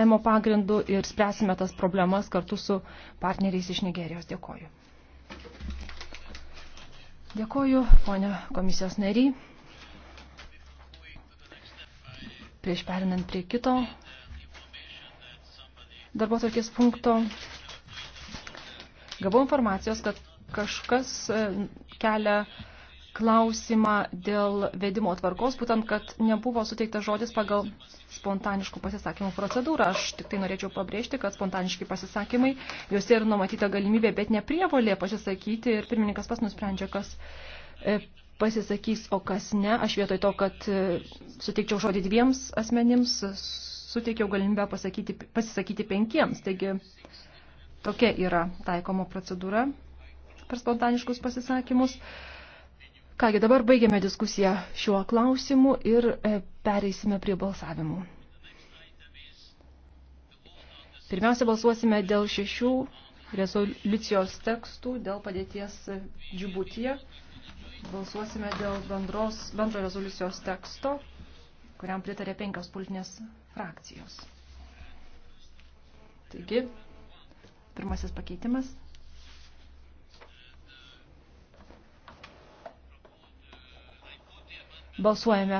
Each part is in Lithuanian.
bendradarbiavimo pagrindu ir spręsime tas problemas kartu su partneriais iš Nigerijos. Dėkoju. Dėkoju, ponio komisijos nariai. Prieš perinant prie kito darbo tokies punkto, gavau informacijos, kad kažkas e, kelia klausimą dėl vedimo tvarkos, būtent, kad nebuvo suteiktas žodis pagal spontaniškų pasisakymų procedūrą. Aš tik tai norėčiau pabrėžti, kad spontaniški pasisakymai, juose ir numatyta galimybė, bet ne prievolė pasisakyti ir pirmininkas pas nusprendžia, kas e, pasisakys, o kas ne. Aš vietoj to, kad e, suteikčiau žodį dviems asmenims, suteikiau galimybę pasakyti, pasisakyti penkiems. Taigi tokia yra taikoma procedūra per spontaniškus pasisakymus. Kągi, dabar baigiame diskusiją šiuo klausimu ir e, pereisime prie balsavimų. Pirmiausia, balsuosime dėl šešių rezoliucijos tekstų, dėl padėties džibutyje. Balsuosime dėl bendros, bendro rezoliucijos teksto, kuriam pritarė penkios politinės frakcijos. Taigi, pirmasis pakeitimas. Balsuojame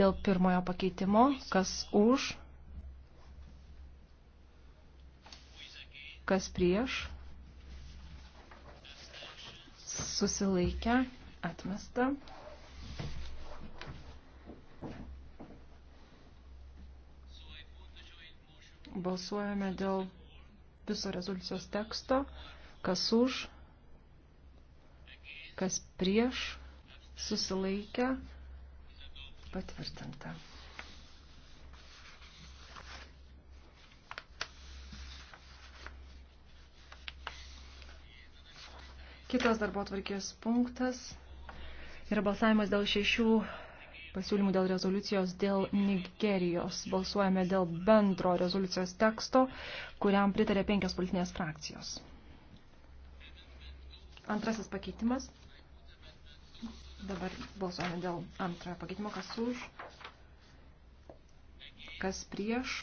dėl pirmojo pakeitimo, kas už, kas prieš, susilaikę, atmesta. Balsuojame dėl viso rezoliucijos teksto, kas už, kas prieš, susilaikę, patvirtinta. Kitas darbo atvarkės punktas yra balsavimas dėl šešių pasiūlymų dėl rezoliucijos dėl Nigerijos. Balsuojame dėl bendro rezoliucijos teksto, kuriam pritarė penkios politinės frakcijos. Antrasis pakeitimas. Dabar balsuojame dėl antrojo pakeitimo, kas už, kas prieš,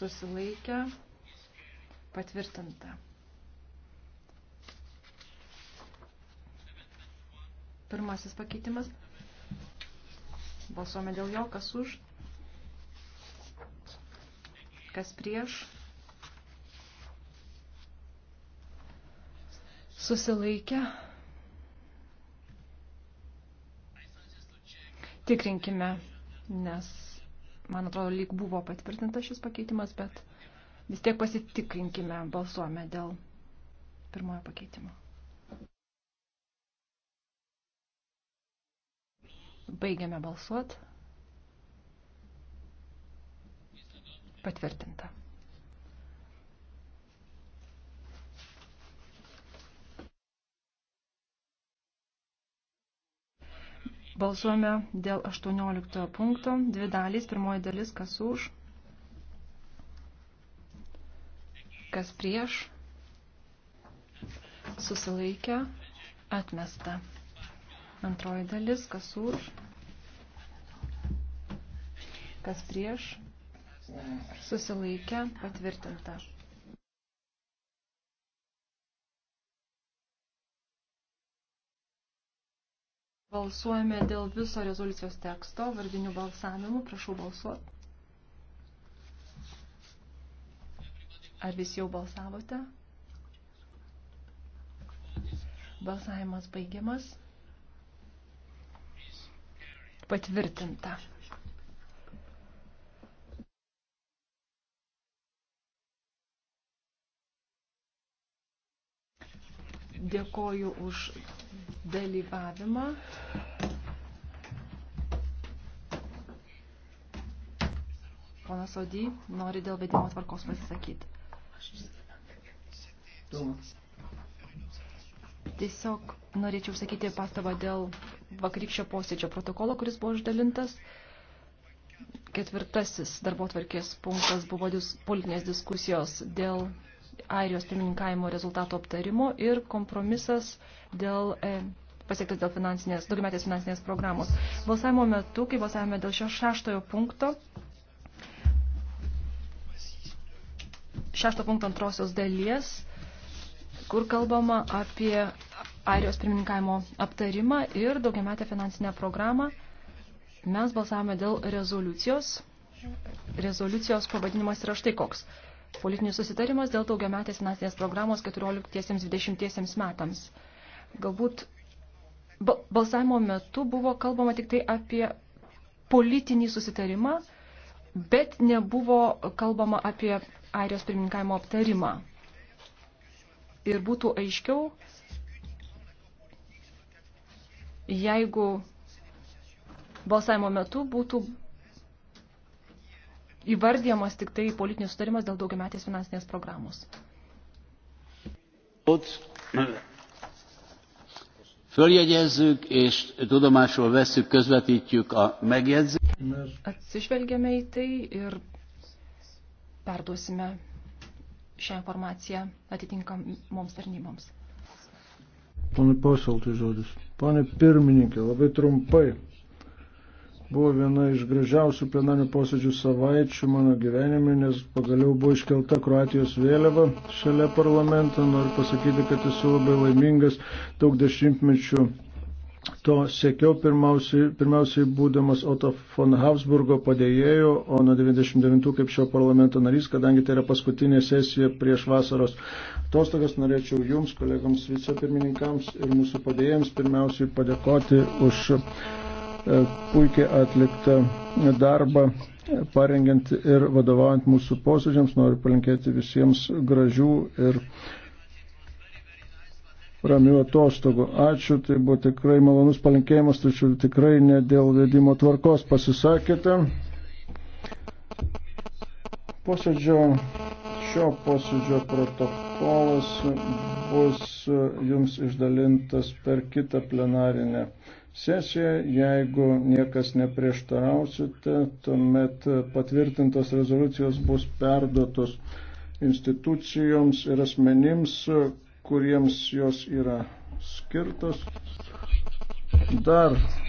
susilaikę, patvirtinta. Pirmasis pakeitimas. Balsuojame dėl jo, kas už, kas prieš, susilaikę, patvirtinta. tikrinkime, nes, man atrodo, lyg buvo patvirtintas šis pakeitimas, bet vis tiek pasitikrinkime, balsuome dėl pirmojo pakeitimo. Baigiame balsuot. Patvirtinta. Balsuojame dėl 18 punkto. Dvi dalys. Pirmoji dalis, kas už, kas prieš, susilaikę, atmesta. Antroji dalis, kas už, kas prieš, susilaikę, patvirtinta. Balsuojame dėl viso rezoliucijos teksto vardinių balsavimų. Prašau balsuoti. Ar visi jau balsavote? Balsavimas baigiamas. Patvirtinta. Dėkoju už dalyvavimą. Ponas Odį nori dėl vedimo tvarkos pasisakyti. Tiesiog norėčiau sakyti pastabą dėl vakarykščio posėdžio protokolo, kuris buvo išdalintas. Ketvirtasis darbo tvarkės punktas buvo dis, politinės diskusijos dėl Airijos pirmininkavimo rezultato aptarimo ir kompromisas dėl e, pasiektas dėl finansinės, daugiametės finansinės programos. Balsavimo metu, kai balsavome dėl šio šeštojo punkto, šešto punkto antrosios dalies, kur kalbama apie Airijos pirmininkavimo aptarimą ir daugiametę finansinę programą, mes balsavome dėl rezoliucijos. Rezoliucijos pavadinimas yra štai koks. Politinis susitarimas dėl daugiametės finansinės programos 14-20 metams. Galbūt balsavimo metu buvo kalbama tik tai apie politinį susitarimą, bet nebuvo kalbama apie Airijos pirmininkavimo aptarimą. Ir būtų aiškiau, jeigu balsavimo metu būtų įvardyjamas tik tai politinis sutarimas dėl daugiametės finansinės programos. Följegyezzük és tudomásul veszük, közvetítjük a megjegyzést. Atsižvelgiame į tai ir perduosime šią informaciją atitinkamoms tarnyboms. Pane Pausaltai žodis. Pane pirmininkė, labai trumpai buvo viena iš gražiausių plenarinių posėdžių savaičių mano gyvenime, nes pagaliau buvo iškelta Kroatijos vėliava šalia parlamento. Noriu pasakyti, kad esu labai laimingas daug dešimtmečių. To siekiau pirmiausiai, pirmiausiai būdamas Otto von Habsburgo padėjėjų, o nuo 99 kaip šio parlamento narys, kadangi tai yra paskutinė sesija prieš vasaros atostogas, norėčiau jums, kolegams vicepirmininkams ir mūsų padėjėjams pirmiausiai padėkoti už E, puikiai atliktą darbą, parengiant ir vadovaujant mūsų posėdžiams. Noriu palinkėti visiems gražių ir ramių atostogų. Ačiū, tai buvo tikrai malonus palinkėjimas, tačiau tikrai ne dėl vedimo tvarkos pasisakėte. Posėdžio, šio posėdžio protokolas bus jums išdalintas per kitą plenarinę sesiją. Jeigu niekas neprieštarausite, tuomet patvirtintos rezoliucijos bus perduotos institucijoms ir asmenims, kuriems jos yra skirtos. Dar